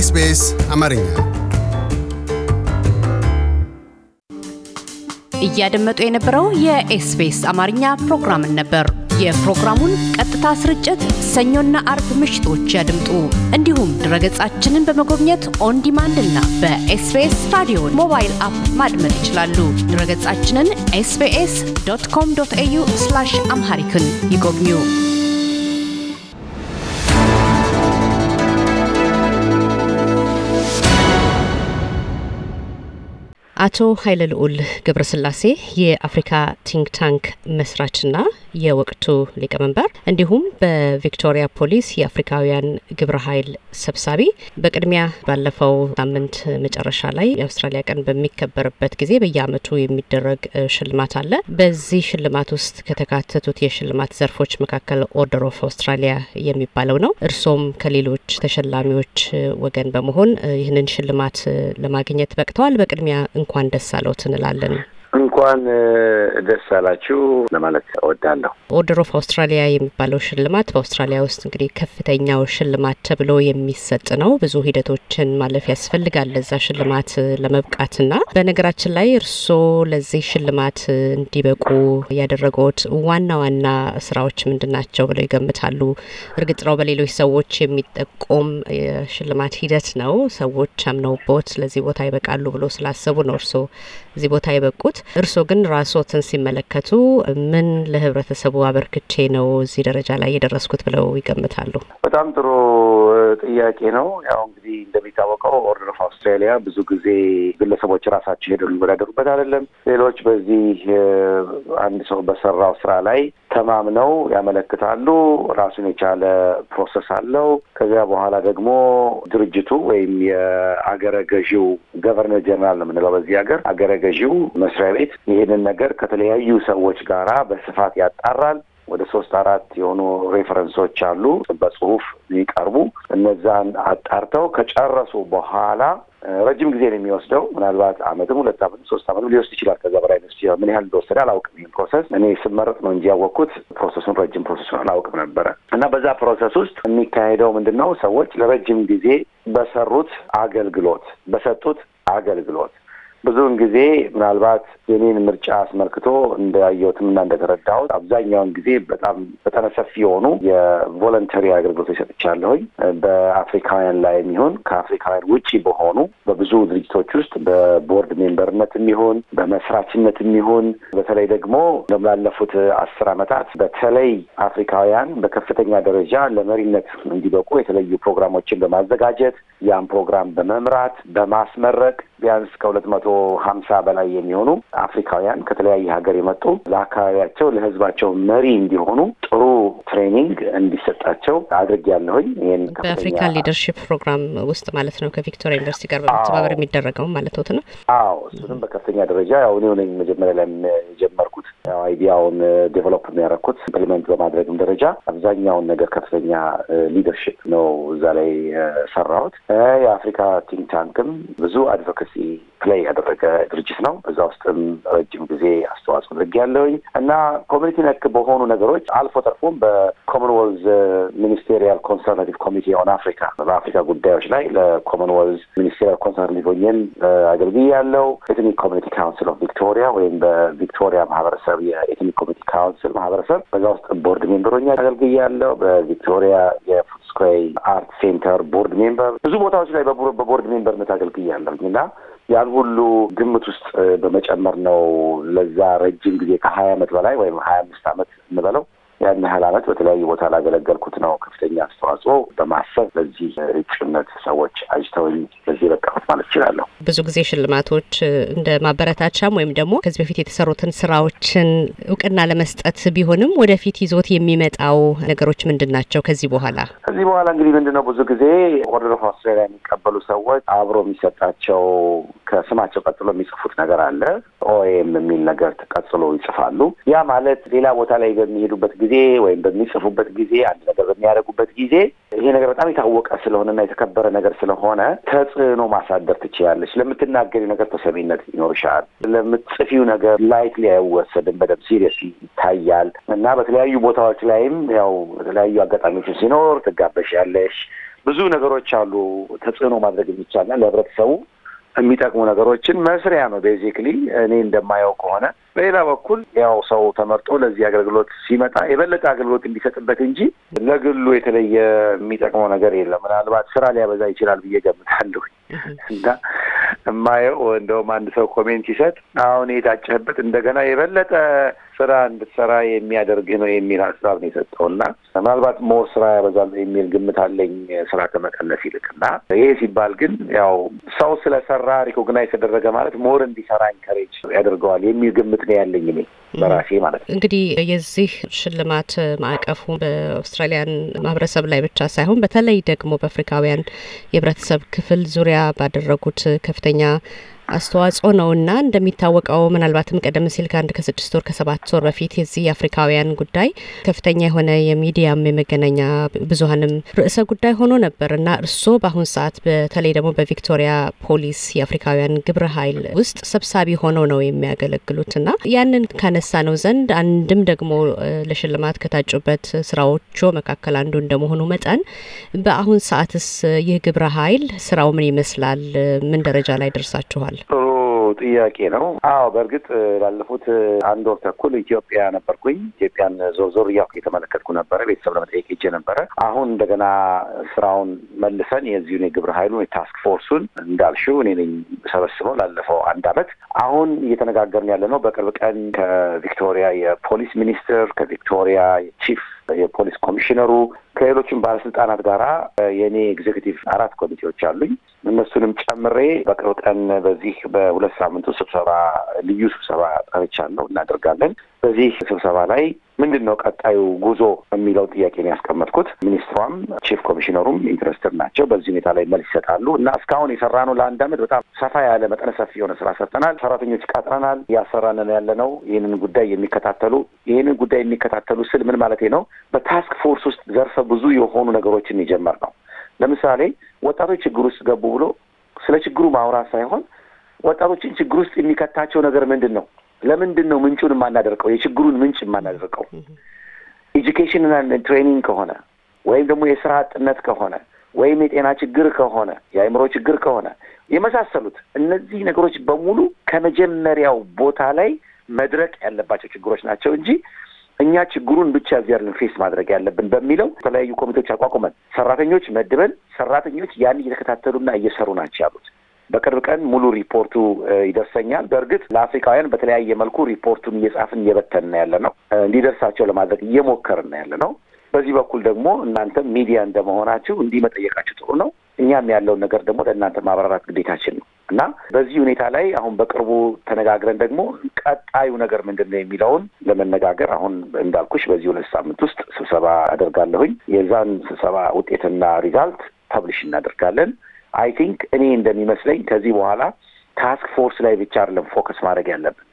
ኤስቢኤስ አማርኛ እያደመጡ የነበረው የኤስቢኤስ አማርኛ ፕሮግራምን ነበር። የፕሮግራሙን ቀጥታ ስርጭት ሰኞና አርብ ምሽቶች ያድምጡ። እንዲሁም ድረገጻችንን በመጎብኘት ኦን ዲማንድ እና በኤስቤስ ራዲዮ ሞባይል አፕ ማድመጥ ይችላሉ። ድረገጻችንን ኤስቤስ ዶት ኮም ዶት ኤዩ አምሃሪክን ይጎብኙ። አቶ ኃይለ ልዑል ገብረስላሴ የአፍሪካ ቲንክ ታንክ መስራችና የወቅቱ ሊቀመንበር እንዲሁም በቪክቶሪያ ፖሊስ የአፍሪካውያን ግብረ ኃይል ሰብሳቢ። በቅድሚያ ባለፈው ሳምንት መጨረሻ ላይ የአውስትራሊያ ቀን በሚከበርበት ጊዜ በየአመቱ የሚደረግ ሽልማት አለ። በዚህ ሽልማት ውስጥ ከተካተቱት የሽልማት ዘርፎች መካከል ኦርደር ኦፍ አውስትራሊያ የሚባለው ነው። እርሶም ከሌሎች ተሸላሚዎች ወገን በመሆን ይህንን ሽልማት ለማግኘት በቅተዋል። በቅድሚያ እንኳን ደስ አለዎት እንላለን። እንኳን ደስ አላችሁ ለማለት እወዳለሁ። ኦርደር ኦፍ አውስትራሊያ የሚባለው ሽልማት በአውስትራሊያ ውስጥ እንግዲህ ከፍተኛው ሽልማት ተብሎ የሚሰጥ ነው። ብዙ ሂደቶችን ማለፍ ያስፈልጋል ለዛ ሽልማት ለመብቃትና በነገራችን ላይ እርስዎ ለዚህ ሽልማት እንዲበቁ ያደረጉት ዋና ዋና ስራዎች ምንድን ናቸው ብለው ይገምታሉ? እርግጥ ነው በሌሎች ሰዎች የሚጠቆም የሽልማት ሂደት ነው። ሰዎች አምነውቦት ለዚህ ቦታ ይበቃሉ ብሎ ስላሰቡ ነው እርስዎ እዚህ ቦታ የበቁት። እርስዎ ግን ራስዎትን ሲመለከቱ ምን ለህብረተሰቡ አበርክቼ ነው እዚህ ደረጃ ላይ የደረስኩት ብለው ይገምታሉ? በጣም ጥሩ ጥያቄ ነው። ያው እንግዲህ እንደሚታወቀው ኦርደር ኦፍ አውስትራሊያ ብዙ ጊዜ ግለሰቦች ራሳቸው ሄደው ሊወዳደሩበት አይደለም። ሌሎች በዚህ አንድ ሰው በሰራው ስራ ላይ ተማምነው ያመለክታሉ። ራሱን የቻለ ፕሮሰስ አለው። ከዚያ በኋላ ደግሞ ድርጅቱ ወይም የአገረ ገዢው ገቨርነር ጀነራል ነው የምንለው በዚህ ሀገር አገረ ገዢው መስሪያ ቤት ይህንን ነገር ከተለያዩ ሰዎች ጋራ በስፋት ያጣራል። ወደ ሶስት አራት የሆኑ ሬፈረንሶች አሉ በጽሁፍ ሊቀርቡ እነዛን አጣርተው ከጨረሱ በኋላ ረጅም ጊዜ ነው የሚወስደው። ምናልባት አመትም ሁለት ዓመትም ሶስት ዓመትም ሊወስድ ይችላል። ከዛ በላይ ስ ምን ያህል እንደወሰደ አላውቅም። ይህን ፕሮሰስ እኔ ስመረጥ ነው እንጂ ያወቅኩት ፕሮሰሱን ረጅም ፕሮሰሱን አላውቅም ነበረ እና በዛ ፕሮሰስ ውስጥ የሚካሄደው ምንድን ነው ሰዎች ለረጅም ጊዜ በሰሩት አገልግሎት በሰጡት አገልግሎት ብዙውን ጊዜ ምናልባት የኔን ምርጫ አስመልክቶ እንዳየሁትም እና እንደተረዳሁት አብዛኛውን ጊዜ በጣም በጠነ ሰፊ የሆኑ የቮለንተሪ አገልግሎቶች ሰጥቻለሁኝ። በአፍሪካውያን ላይ ሚሆን ከአፍሪካውያን ውጭ በሆኑ በብዙ ድርጅቶች ውስጥ በቦርድ ሜምበርነት ሚሆን በመስራችነት ሚሆን በተለይ ደግሞ ለላለፉት አስር ዓመታት በተለይ አፍሪካውያን በከፍተኛ ደረጃ ለመሪነት እንዲበቁ የተለዩ ፕሮግራሞችን በማዘጋጀት ያን ፕሮግራም በመምራት በማስመረቅ ቢያንስ ከሁለት መቶ ሀምሳ በላይ የሚሆኑ አፍሪካውያን ከተለያየ ሀገር የመጡ ለአካባቢያቸው ለህዝባቸው መሪ እንዲሆኑ ጥሩ ትሬኒንግ እንዲሰጣቸው አድርግ ያለሁኝ ይህን በአፍሪካ ሊደርሽፕ ፕሮግራም ውስጥ ማለት ነው። ከቪክቶሪያ ዩኒቨርሲቲ ጋር በመተባበር የሚደረገው ማለት ነው። አዎ እሱንም በከፍተኛ ደረጃ ያው እኔው ነኝ መጀመሪያ ላይ የጀመርኩት አይዲያውን ዴቨሎፕ የሚያደረኩት ኢምፕሊመንት በማድረግም ደረጃ አብዛኛውን ነገር ከፍተኛ ሊደርሽፕ uh, ነው እዛ ላይ uh, ሰራሁት። uh, የአፍሪካ ቲንክ ታንክም ብዙ አድቮካሲ ፕሌይ ያደረገ ድርጅት ነው። እዛ ውስጥም ረጅም ጊዜ አስተዋጽኦ አድርጌ ያለውኝ እና ኮሚኒቲ ነክ በሆኑ ነገሮች አልፎ ተርፎም በኮመንዌልዝ ሚኒስቴሪያል ኮንሰርናቲቭ ኮሚቴ ኦን አፍሪካ በአፍሪካ ጉዳዮች ላይ ለኮመንዌልዝ ሚኒስቴሪያል ኮንሰርናቲቭ ሆኜም አገልግዬ ያለው ኤትኒክ ኮሚኒቲ ካውንስል ኦፍ ቪክቶሪያ ወይም በቪክቶሪያ ማህበረሰብ ማህበረሰብ የኤትኒክ ኮሚቲ ካውንስል ማህበረሰብ በዛ ውስጥ ቦርድ ሜምበሮኛ አገልግያለሁ። በቪክቶሪያ የፉትስክራይ አርት ሴንተር ቦርድ ሜምበር፣ ብዙ ቦታዎች ላይ በቦርድ ሜምበርነት አገልግያለሁ እና ያን ሁሉ ግምት ውስጥ በመጨመር ነው ለዛ ረጅም ጊዜ ከሀያ አመት በላይ ወይም ሀያ አምስት አመት እንበለው ያን ያህል አመት በተለያዩ ቦታ ላገለገልኩት ነው ከፍተኛ አስተዋጽኦ በማሰብ በዚህ እጩነት ሰዎች አጅተውኝ በዚህ በቃሁት ማለት እችላለሁ። ብዙ ጊዜ ሽልማቶች እንደ ማበረታቻም ወይም ደግሞ ከዚህ በፊት የተሰሩትን ስራዎችን እውቅና ለመስጠት ቢሆንም ወደፊት ይዞት የሚመጣው ነገሮች ምንድን ናቸው? ከዚህ በኋላ ከዚህ በኋላ እንግዲህ ምንድን ነው ብዙ ጊዜ ኦርደር ኦፍ አውስትራሊያ የሚቀበሉ ሰዎች አብሮ የሚሰጣቸው ከስማቸው ቀጥሎ የሚጽፉት ነገር አለ። ኦኤም የሚል ነገር ቀጥሎ ይጽፋሉ። ያ ማለት ሌላ ቦታ ላይ በሚሄዱበት ጊዜ ወይም በሚጽፉበት ጊዜ አንድ ነገር በሚያደርጉበት ጊዜ ይሄ ነገር በጣም የታወቀ ስለሆነና የተከበረ ነገር ስለሆነ ተጽዕኖ ማሳደር ትችያለች። ለምትናገሪው ነገር ተሰሚነት ይኖርሻል። ለምትጽፊው ነገር ላይ አይወሰድም፣ በደምብ ሲሪየስ ይታያል እና በተለያዩ ቦታዎች ላይም ያው በተለያዩ አጋጣሚዎች ሲኖር ትጋበሻለሽ። ብዙ ነገሮች አሉ ተጽዕኖ ማድረግ የሚቻልና ለህብረተሰቡ የሚጠቅሙ ነገሮችን መስሪያ ነው። ቤዚክሊ እኔ እንደማየው ከሆነ በሌላ በኩል ያው ሰው ተመርጦ ለዚህ አገልግሎት ሲመጣ የበለጠ አገልግሎት እንዲሰጥበት እንጂ ለግሉ የተለየ የሚጠቅመው ነገር የለም። ምናልባት ስራ ሊያበዛ ይችላል ብዬ ገምታለሁ እና የማየው እንደውም አንድ ሰው ኮሜንት ይሰጥ አሁን የታጨህበት እንደገና የበለጠ ስራ እንድትሰራ የሚያደርግህ ነው የሚል ሀሳብ ነው የሰጠው እና ምናልባት ሞር ስራ ያበዛል የሚል ግምት አለኝ ስራ ከመቀነስ ይልቅ እና ይሄ ሲባል ግን ያው ሰው ስለሰራ ሪኮግናይዝ ተደረገ ማለት ሞር እንዲሰራ ኢንከሬጅ ያደርገዋል የሚል ግምት ነው ያለኝ እኔ በራሴ ማለት ነው። እንግዲህ የዚህ ሽልማት ማዕቀፉ በአውስትራሊያን ማህበረሰብ ላይ ብቻ ሳይሆን በተለይ ደግሞ በአፍሪካውያን የህብረተሰብ ክፍል ዙሪያ ባደረጉት ከፍተኛ አስተዋጽኦ ነውና እንደሚታወቀው ምናልባትም ቀደም ሲል ከአንድ ከስድስት ወር ከሰባት ወር በፊት የዚህ የአፍሪካውያን ጉዳይ ከፍተኛ የሆነ የሚዲያም የመገናኛ ብዙሀንም ርዕሰ ጉዳይ ሆኖ ነበር እና እርስዎ በአሁን ሰዓት በተለይ ደግሞ በቪክቶሪያ ፖሊስ የአፍሪካውያን ግብረ ኃይል ውስጥ ሰብሳቢ ሆነው ነው የሚያገለግሉት እና ያንን ካነሳ ነው ዘንድ አንድም ደግሞ ለሽልማት ከታጩበት ስራዎቹ መካከል አንዱ እንደመሆኑ መጠን በአሁን ሰዓትስ ይህ ግብረ ኃይል ስራው ምን ይመስላል? ምን ደረጃ ላይ ደርሳችኋል? ጥሩ ጥያቄ ነው። አዎ በእርግጥ ባለፉት አንድ ወር ተኩል ኢትዮጵያ ነበርኩኝ። ኢትዮጵያን ዞር ዞር እያልኩ የተመለከትኩ ነበረ። ቤተሰብ ለመጠየቅ ሄጄ ነበረ። አሁን እንደገና ስራውን መልሰን የዚሁን የግብረ ኃይሉን የታስክ ፎርሱን እንዳልሽው እኔ ነኝ ሰበስበው ላለፈው አንድ አመት አሁን እየተነጋገርን ያለ ነው። በቅርብ ቀን ከቪክቶሪያ የፖሊስ ሚኒስትር ከቪክቶሪያ ቺፍ የፖሊስ ኮሚሽነሩ ከሌሎችም ባለስልጣናት ጋራ የእኔ ኤግዜክቲቭ አራት ኮሚቴዎች አሉኝ። እነሱንም ጨምሬ በቅርብ ቀን በዚህ በሁለት ሳምንቱ ስብሰባ ልዩ ስብሰባ ጠርቻለሁ እናደርጋለን። በዚህ ስብሰባ ላይ ምንድን ነው ቀጣዩ ጉዞ የሚለው ጥያቄ ነው ያስቀመጥኩት። ሚኒስትሯም ቺፍ ኮሚሽነሩም ኢንትረስትድ ናቸው። በዚህ ሁኔታ ላይ መልስ ይሰጣሉ እና እስካሁን የሰራነው ለአንድ አመት በጣም ሰፋ ያለ መጠነ ሰፊ የሆነ ስራ ሰርተናል። ሰራተኞች ቀጥረናል። እያሰራን ነው ይህንን ጉዳይ የሚከታተሉ ይህንን ጉዳይ የሚከታተሉ ስል ምን ማለት ነው? በታስክ ፎርስ ውስጥ ዘርፈ ብዙ የሆኑ ነገሮችን ነው። ለምሳሌ ወጣቶች ችግር ውስጥ ገቡ ብሎ ስለ ችግሩ ማውራት ሳይሆን ወጣቶችን ችግር ውስጥ የሚከታቸው ነገር ምንድን ነው? ለምንድን ነው ምንጩን የማናደርቀው? የችግሩን ምንጭ የማናደርቀው? ኤጁኬሽንና ትሬኒንግ ከሆነ ወይም ደግሞ የስራ አጥነት ከሆነ ወይም የጤና ችግር ከሆነ የአእምሮ ችግር ከሆነ የመሳሰሉት እነዚህ ነገሮች በሙሉ ከመጀመሪያው ቦታ ላይ መድረቅ ያለባቸው ችግሮች ናቸው እንጂ እኛ ችግሩን ብቻ እዚህ ያለን ፌስ ማድረግ ያለብን በሚለው የተለያዩ ኮሚቴዎች አቋቁመን ሰራተኞች መድበን ሰራተኞች ያን እየተከታተሉና እየሰሩ ናቸው ያሉት። በቅርብ ቀን ሙሉ ሪፖርቱ ይደርሰኛል። በእርግጥ ለአፍሪካውያን በተለያየ መልኩ ሪፖርቱን እየጻፍን እየበተንና ያለ ነው እንዲደርሳቸው ለማድረግ እየሞከርና ያለ ነው። በዚህ በኩል ደግሞ እናንተም ሚዲያ እንደመሆናችሁ እንዲህ መጠየቃችሁ ጥሩ ነው። እኛም ያለውን ነገር ደግሞ ለእናንተ ማብራራት ግዴታችን ነው እና በዚህ ሁኔታ ላይ አሁን በቅርቡ ተነጋግረን ደግሞ ቀጣዩ ነገር ምንድን ነው የሚለውን ለመነጋገር አሁን እንዳልኩሽ በዚህ ሁለት ሳምንት ውስጥ ስብሰባ አደርጋለሁኝ። የዛን ስብሰባ ውጤትና ሪዛልት ፐብሊሽ እናደርጋለን። አይ ቲንክ እኔ እንደሚመስለኝ ከዚህ በኋላ ታስክ ፎርስ ላይ ብቻ አይደለም ፎከስ ማድረግ ያለብን።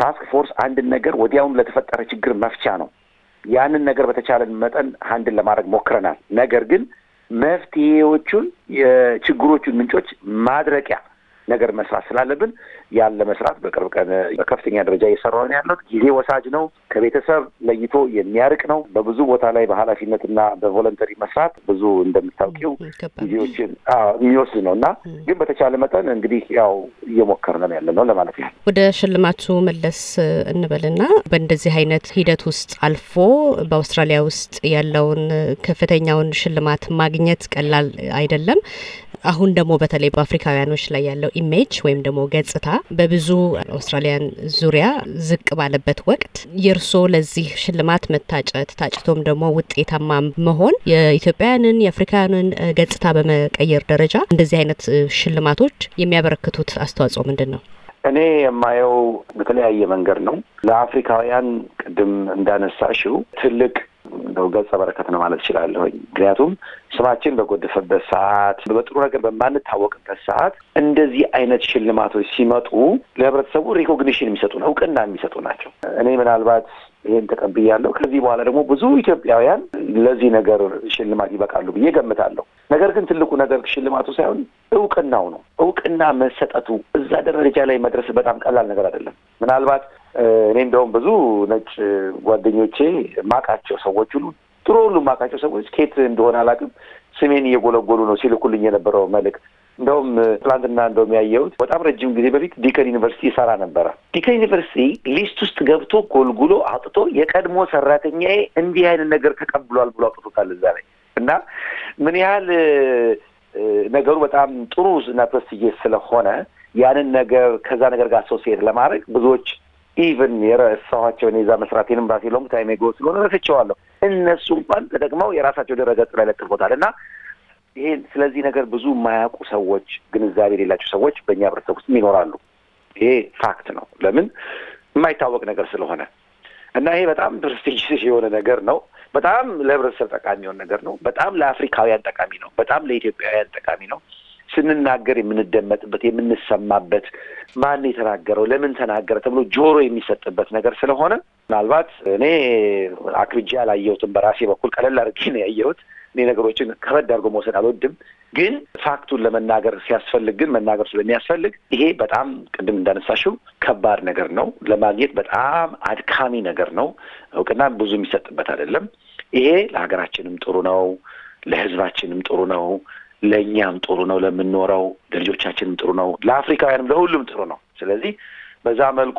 ታስክ ፎርስ አንድን ነገር ወዲያውኑ ለተፈጠረ ችግር መፍቻ ነው። ያንን ነገር በተቻለን መጠን አንድን ለማድረግ ሞክረናል። ነገር ግን መፍትሄዎቹን የችግሮቹን ምንጮች ማድረቂያ ነገር መስራት ስላለብን ያን ለመስራት በቅርብ ቀን በከፍተኛ ደረጃ እየሰራ ነው ጊዜ ወሳጅ ነው፣ ከቤተሰብ ለይቶ የሚያርቅ ነው። በብዙ ቦታ ላይ በኃላፊነትና በቮለንተሪ መስራት ብዙ እንደምታውቂው ጊዜዎችን የሚወስድ ነው እና ግን በተቻለ መጠን እንግዲህ ያው እየሞከርን ነው ያለ ነው ለማለት ያህል። ወደ ሽልማቱ መለስ እንበልና በእንደዚህ አይነት ሂደት ውስጥ አልፎ በአውስትራሊያ ውስጥ ያለውን ከፍተኛውን ሽልማት ማግኘት ቀላል አይደለም። አሁን ደግሞ በተለይ በአፍሪካውያኖች ላይ ያለው ኢሜጅ ወይም ደግሞ ገጽታ በብዙ አውስትራሊያን ዙሪያ ዝቅ ባለበት ወቅት የእርሶ ለዚህ ሽልማት መታጨት ታጭቶም ደግሞ ውጤታማ መሆን የኢትዮጵያውያንን የአፍሪካውያንን ገጽታ በመቀየር ደረጃ እንደዚህ አይነት ሽልማቶች የሚያበረክቱት አስተዋጽኦ ምንድን ነው? እኔ የማየው በተለያየ መንገድ ነው። ለአፍሪካውያን ቅድም እንዳነሳሽው ትልቅ እንደው ገጸ በረከት ነው ማለት እችላለሁኝ። ምክንያቱም ስማችን በጎደፈበት ሰዓት፣ በጥሩ ነገር በማንታወቅበት ሰዓት እንደዚህ አይነት ሽልማቶች ሲመጡ ለህብረተሰቡ ሪኮግኒሽን የሚሰጡ ነው፣ እውቅና የሚሰጡ ናቸው። እኔ ምናልባት ተቀብዬ ተቀብያለሁ። ከዚህ በኋላ ደግሞ ብዙ ኢትዮጵያውያን ለዚህ ነገር ሽልማት ይበቃሉ ብዬ ገምታለሁ። ነገር ግን ትልቁ ነገር ሽልማቱ ሳይሆን እውቅናው ነው። እውቅና መሰጠቱ እዛ ደረጃ ላይ መድረስ በጣም ቀላል ነገር አይደለም። ምናልባት እኔ እንደውም ብዙ ነጭ ጓደኞቼ ማቃቸው ሰዎች ሁሉ ጥሩ ሁሉ ማቃቸው ሰዎች ኬት እንደሆነ አላውቅም ስሜን እየጎለጎሉ ነው ሲልኩልኝ የነበረው መልእክት እንደውም ትላንትና እንደውም ያየሁት በጣም ረጅም ጊዜ በፊት ዲከን ዩኒቨርሲቲ ይሰራ ነበረ። ዲከን ዩኒቨርሲቲ ሊስት ውስጥ ገብቶ ጎልጉሎ አውጥቶ የቀድሞ ሰራተኛዬ እንዲህ አይነት ነገር ተቀብሏል ብሎ አውጥቶታል እዛ ላይ እና ምን ያህል ነገሩ በጣም ጥሩ እና ፕረስቲጅስ ስለሆነ ያንን ነገር ከዛ ነገር ጋር አሶሲየት ለማድረግ ብዙዎች ኢቨን የረሳኋቸውን የዛ መስራቴንም ራሴ ሎንግ ታይም ጎ ስለሆነ ረስቸዋለሁ። እነሱ እንኳን ተጠቅመው የራሳቸው ድረገጽ ላይ ለጥፎታል እና ይሄ ስለዚህ ነገር ብዙ የማያውቁ ሰዎች፣ ግንዛቤ የሌላቸው ሰዎች በእኛ ህብረተሰብ ውስጥ ይኖራሉ። ይሄ ፋክት ነው። ለምን የማይታወቅ ነገር ስለሆነ እና ይሄ በጣም ፕሬስቲጅስ የሆነ ነገር ነው። በጣም ለህብረተሰብ ጠቃሚ የሆነ ነገር ነው። በጣም ለአፍሪካውያን ጠቃሚ ነው። በጣም ለኢትዮጵያውያን ጠቃሚ ነው። ስንናገር የምንደመጥበት፣ የምንሰማበት፣ ማን የተናገረው፣ ለምን ተናገረ ተብሎ ጆሮ የሚሰጥበት ነገር ስለሆነ ምናልባት እኔ አክብጃ ላየሁትም በራሴ በኩል ቀለል አድርጌ ነው ያየሁት። እኔ ነገሮችን ከበድ አድርጎ መውሰድ አልወድም። ግን ፋክቱን ለመናገር ሲያስፈልግ ግን መናገር ስለሚያስፈልግ ይሄ በጣም ቅድም እንዳነሳሽው ከባድ ነገር ነው፣ ለማግኘት በጣም አድካሚ ነገር ነው። እውቅና ብዙ የሚሰጥበት አይደለም። ይሄ ለሀገራችንም ጥሩ ነው፣ ለህዝባችንም ጥሩ ነው፣ ለእኛም ጥሩ ነው፣ ለምንኖረው ለልጆቻችንም ጥሩ ነው፣ ለአፍሪካውያንም ለሁሉም ጥሩ ነው። ስለዚህ በዛ መልኩ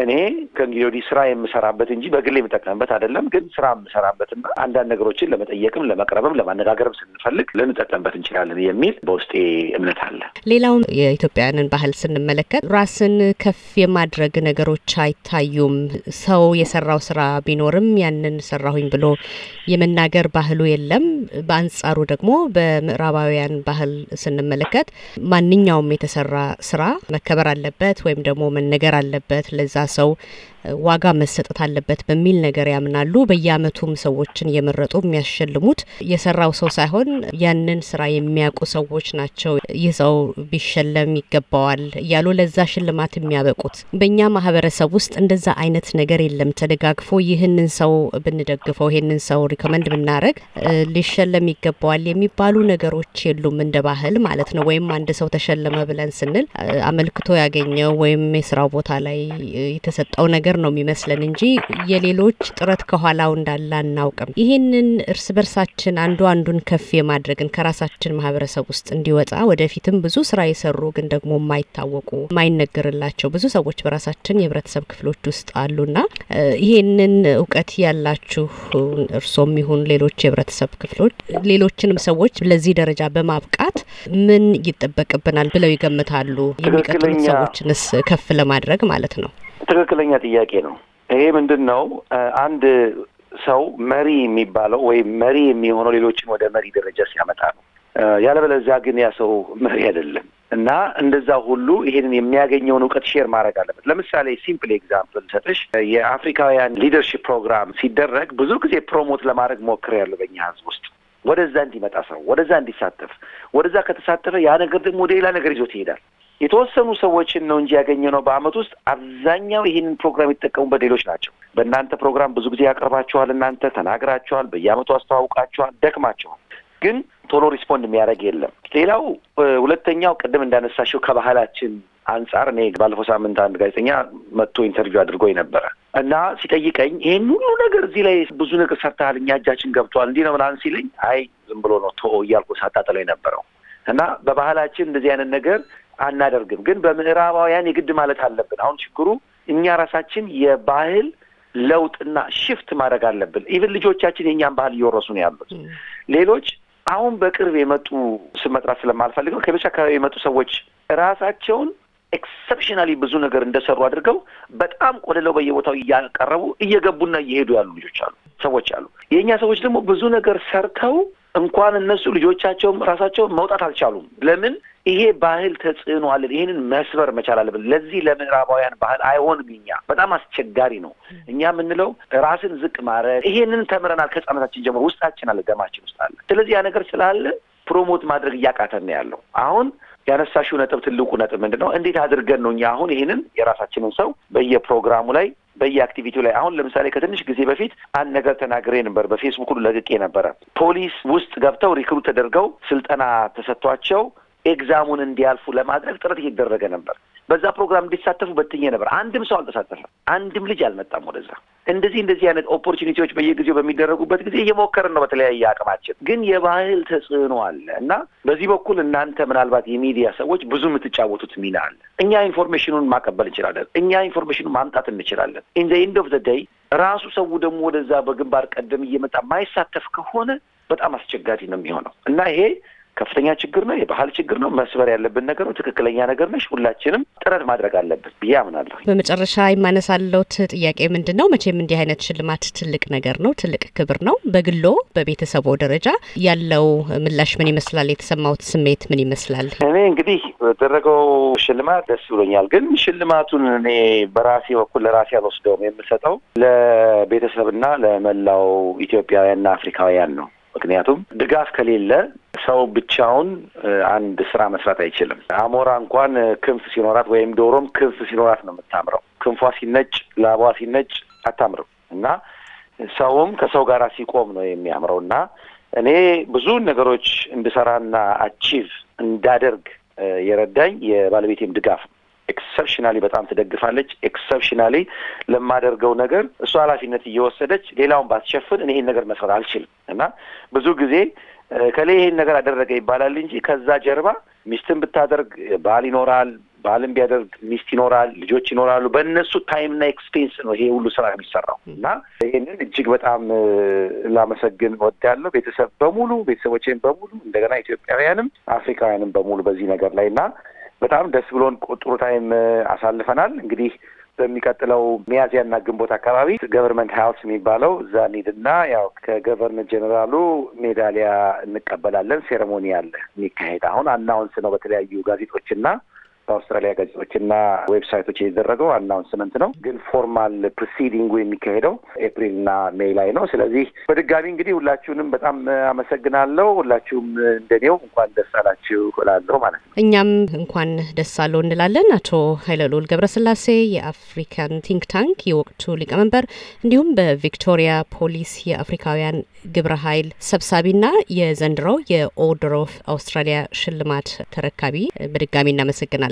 እኔ ከእንግዲህ ወዲህ ስራ የምሰራበት እንጂ በግል የምጠቀምበት አይደለም። ግን ስራ የምሰራበትና አንዳንድ ነገሮችን ለመጠየቅም ለመቅረብም ለማነጋገርም ስንፈልግ ልንጠቀምበት እንችላለን የሚል በውስጤ እምነት አለ። ሌላውም የኢትዮጵያውያንን ባህል ስንመለከት ራስን ከፍ የማድረግ ነገሮች አይታዩም። ሰው የሰራው ስራ ቢኖርም ያንን ሰራሁኝ ብሎ የመናገር ባህሉ የለም። በአንጻሩ ደግሞ በምዕራባውያን ባህል ስንመለከት ማንኛውም የተሰራ ስራ መከበር አለበት ወይም ደግሞ መነገር አለበት ለዛ ሰው ዋጋ መሰጠት አለበት በሚል ነገር ያምናሉ። በየአመቱም ሰዎችን እየመረጡ የሚያሸልሙት የሰራው ሰው ሳይሆን ያንን ስራ የሚያውቁ ሰዎች ናቸው። ይህ ሰው ቢሸለም ይገባዋል እያሉ ለዛ ሽልማት የሚያበቁት። በእኛ ማህበረሰብ ውስጥ እንደዛ አይነት ነገር የለም። ተደጋግፎ ይህንን ሰው ብንደግፈው፣ ይህንን ሰው ሪኮመንድ ብናደረግ ሊሸለም ይገባዋል የሚባሉ ነገሮች የሉም፣ እንደ ባህል ማለት ነው። ወይም አንድ ሰው ተሸለመ ብለን ስንል አመልክቶ ያገኘው ወይም የስራው ቦታ ላይ የተሰጠው ነገር ነው የሚመስለን እንጂ የሌሎች ጥረት ከኋላው እንዳለ አናውቅም። ይህንን እርስ በርሳችን አንዱ አንዱን ከፍ የማድረግን ከራሳችን ማህበረሰብ ውስጥ እንዲወጣ ወደፊትም ብዙ ስራ የሰሩ ግን ደግሞ የማይታወቁ የማይነገርላቸው ብዙ ሰዎች በራሳችን የህብረተሰብ ክፍሎች ውስጥ አሉና ይህንን እውቀት ያላችሁ እርሶም ይሁን ሌሎች የህብረተሰብ ክፍሎች ሌሎችንም ሰዎች ለዚህ ደረጃ በማብቃት ምን ይጠበቅብናል ብለው ይገምታሉ? የሚቀጥሉት ሰዎችንስ ከፍ ለማድረግ ማለት ነው። ትክክለኛ ጥያቄ ነው። ይሄ ምንድን ነው? አንድ ሰው መሪ የሚባለው ወይም መሪ የሚሆነው ሌሎችን ወደ መሪ ደረጃ ሲያመጣ ነው። ያለበለዚያ ግን ያ ሰው መሪ አይደለም። እና እንደዛ ሁሉ ይሄንን የሚያገኘውን እውቀት ሼር ማድረግ አለበት። ለምሳሌ ሲምፕል ኤግዛምፕል ሰጥሽ የአፍሪካውያን ሊደርሽፕ ፕሮግራም ሲደረግ ብዙ ጊዜ ፕሮሞት ለማድረግ ያለ በኛ ህዝብ ውስጥ ወደዛ እንዲመጣ ሰው ወደዛ እንዲሳተፍ፣ ወደዛ ከተሳተፈ ያ ነገር ደግሞ ወደ ሌላ ነገር ይዞት ይሄዳል። የተወሰኑ ሰዎችን ነው እንጂ ያገኘ ነው። በአመት ውስጥ አብዛኛው ይህንን ፕሮግራም የተጠቀሙበት ሌሎች ናቸው። በእናንተ ፕሮግራም ብዙ ጊዜ ያቀርባችኋል፣ እናንተ ተናግራችኋል፣ በየአመቱ አስተዋውቃችኋል፣ ደክማችኋል። ግን ቶሎ ሪስፖንድ የሚያደርግ የለም። ሌላው ሁለተኛው ቅድም እንዳነሳሽው ከባህላችን አንጻር እኔ ባለፈው ሳምንት አንድ ጋዜጠኛ መጥቶ ኢንተርቪው አድርጎኝ ነበረ እና ሲጠይቀኝ ይህን ሁሉ ነገር እዚህ ላይ ብዙ ነገር ሰርተሃል፣ እኛ እጃችን ገብቷል፣ እንዲህ ነው ምናምን ሲለኝ አይ ዝም ብሎ ነው ቶ እያልኩ ሳጣጥለው የነበረው እና በባህላችን እንደዚህ አይነት ነገር አናደርግም። ግን በምዕራባውያን የግድ ማለት አለብን። አሁን ችግሩ እኛ ራሳችን የባህል ለውጥና ሽፍት ማድረግ አለብን። ኢቭን ልጆቻችን የእኛን ባህል እየወረሱ ነው ያሉት። ሌሎች አሁን በቅርብ የመጡ ስም መጥራት ስለማልፈልግ ከሌሎች አካባቢ የመጡ ሰዎች ራሳቸውን ኤክሰፕሽናሊ ብዙ ነገር እንደሰሩ አድርገው በጣም ቆልለው በየቦታው እያቀረቡ እየገቡና እየሄዱ ያሉ ልጆች አሉ፣ ሰዎች አሉ። የእኛ ሰዎች ደግሞ ብዙ ነገር ሰርተው እንኳን እነሱ ልጆቻቸውም ራሳቸውን መውጣት አልቻሉም። ለምን? ይሄ ባህል ተጽዕኖ አለን። ይህንን መስበር መቻል አለብን። ለዚህ ለምዕራባውያን ባህል አይሆንም። እኛ በጣም አስቸጋሪ ነው። እኛ የምንለው ራስን ዝቅ ማድረግ፣ ይሄንን ተምረናል ከሕጻነታችን ጀምሮ ውስጣችን አለ፣ ደማችን ውስጥ አለ። ስለዚህ ያ ነገር ስላለ ፕሮሞት ማድረግ እያቃተን ነው ያለው አሁን ያነሳሽው ነጥብ ትልቁ ነጥብ ምንድን ነው? እንዴት አድርገን ነው እኛ አሁን ይህንን የራሳችንን ሰው በየፕሮግራሙ ላይ በየአክቲቪቲው ላይ አሁን ለምሳሌ ከትንሽ ጊዜ በፊት አንድ ነገር ተናግሬ ነበር። በፌስቡክ ሁሉ ለቅቄ ነበረ። ፖሊስ ውስጥ ገብተው ሪክሩት ተደርገው ስልጠና ተሰጥቷቸው ኤግዛሙን እንዲያልፉ ለማድረግ ጥረት እየተደረገ ነበር። በዛ ፕሮግራም እንዲሳተፉ በትኜ ነበር። አንድም ሰው አልተሳተፈም። አንድም ልጅ አልመጣም ወደዛ። እንደዚህ እንደዚህ አይነት ኦፖርቹኒቲዎች በየጊዜው በሚደረጉበት ጊዜ እየሞከርን ነው። በተለያየ አቅማችን ግን የባህል ተጽዕኖ አለ እና በዚህ በኩል እናንተ ምናልባት የሚዲያ ሰዎች ብዙ የምትጫወቱት ሚና አለ። እኛ ኢንፎርሜሽኑን ማቀበል እንችላለን። እኛ ኢንፎርሜሽኑን ማምጣት እንችላለን። ኢን ዘ ኦፍ ዘ ደይ ራሱ ሰው ደግሞ ወደዛ በግንባር ቀደም እየመጣ ማይሳተፍ ከሆነ በጣም አስቸጋሪ ነው የሚሆነው እና ይሄ ከፍተኛ ችግር ነው። የባህል ችግር ነው። መስበር ያለብን ነገር ነው። ትክክለኛ ነገር ነች። ሁላችንም ጥረት ማድረግ አለብን ብዬ አምናለሁ። በመጨረሻ የማነሳለውት ጥያቄ ምንድን ነው? መቼም እንዲህ አይነት ሽልማት ትልቅ ነገር ነው፣ ትልቅ ክብር ነው። በግሎ በቤተሰቦ ደረጃ ያለው ምላሽ ምን ይመስላል? የተሰማውት ስሜት ምን ይመስላል? እኔ እንግዲህ በደረገው ሽልማት ደስ ብሎኛል። ግን ሽልማቱን እኔ በራሴ በኩል ለራሴ አልወስደውም። የምሰጠው ለቤተሰብና ለመላው ኢትዮጵያውያንና አፍሪካውያን ነው። ምክንያቱም ድጋፍ ከሌለ ሰው ብቻውን አንድ ስራ መስራት አይችልም። አሞራ እንኳን ክንፍ ሲኖራት ወይም ዶሮም ክንፍ ሲኖራት ነው የምታምረው። ክንፏ ሲነጭ፣ ላቧ ሲነጭ አታምርም እና ሰውም ከሰው ጋር ሲቆም ነው የሚያምረው እና እኔ ብዙ ነገሮች እንድሰራና አቺቭ እንዳደርግ የረዳኝ የባለቤቴም ድጋፍ ነው። ኤክሰፕሽናሊ በጣም ትደግፋለች። ኤክሰፕሽናሊ ለማደርገው ነገር እሱ ኃላፊነት እየወሰደች ሌላውን ባትሸፍን እኔ ይህን ነገር መስራት አልችልም እና ብዙ ጊዜ ከሌ ይሄን ነገር አደረገ ይባላል እንጂ ከዛ ጀርባ ሚስትን ብታደርግ ባል ይኖራል፣ ባልን ቢያደርግ ሚስት ይኖራል፣ ልጆች ይኖራሉ። በእነሱ ታይምና ኤክስፔንስ ነው ይሄ ሁሉ ስራ የሚሰራው እና ይሄንን እጅግ በጣም ላመሰግን እወዳለሁ። ቤተሰብ በሙሉ ቤተሰቦቼን በሙሉ እንደገና ኢትዮጵያውያንም አፍሪካውያንም በሙሉ በዚህ ነገር ላይ እና በጣም ደስ ብሎን ጥሩ ታይም አሳልፈናል። እንግዲህ በሚቀጥለው ሚያዝያና ግንቦት አካባቢ ገቨርንመንት ሀውስ የሚባለው እዛ እንሂድና ያው ከገቨርንመንት ጀኔራሉ ሜዳሊያ እንቀበላለን። ሴረሞኒ አለ የሚካሄድ አሁን አናውንስ ነው በተለያዩ ጋዜጦችና በአውስትራሊያ ጋዜጦች እና ዌብሳይቶች የተደረገው አናውንስመንት ነው። ግን ፎርማል ፕሪሲዲንጉ የሚካሄደው ኤፕሪል እና ሜይ ላይ ነው። ስለዚህ በድጋሚ እንግዲህ ሁላችሁንም በጣም አመሰግናለሁ። ሁላችሁም እንደኔው እንኳን ደስ አላችሁ እላለሁ ማለት ነው። እኛም እንኳን ደስ አለው እንላለን። አቶ ሀይለልዑል ገብረስላሴ የአፍሪካን ቲንክ ታንክ የወቅቱ ሊቀመንበር እንዲሁም በቪክቶሪያ ፖሊስ የአፍሪካውያን ግብረ ኃይል ሰብሳቢና የዘንድሮው ኦፍ አውስትራሊያ ሽልማት ተረካቢ በድጋሚ እናመሰግናለን።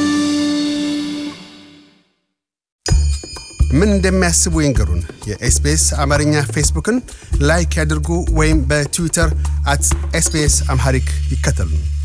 ምን እንደሚያስቡ ይንገሩን። የኤስቤስ አማርኛ ፌስቡክን ላይክ ያድርጉ ወይም በትዊተር አት ኤስቤስ አምሃሪክ ይከተሉን።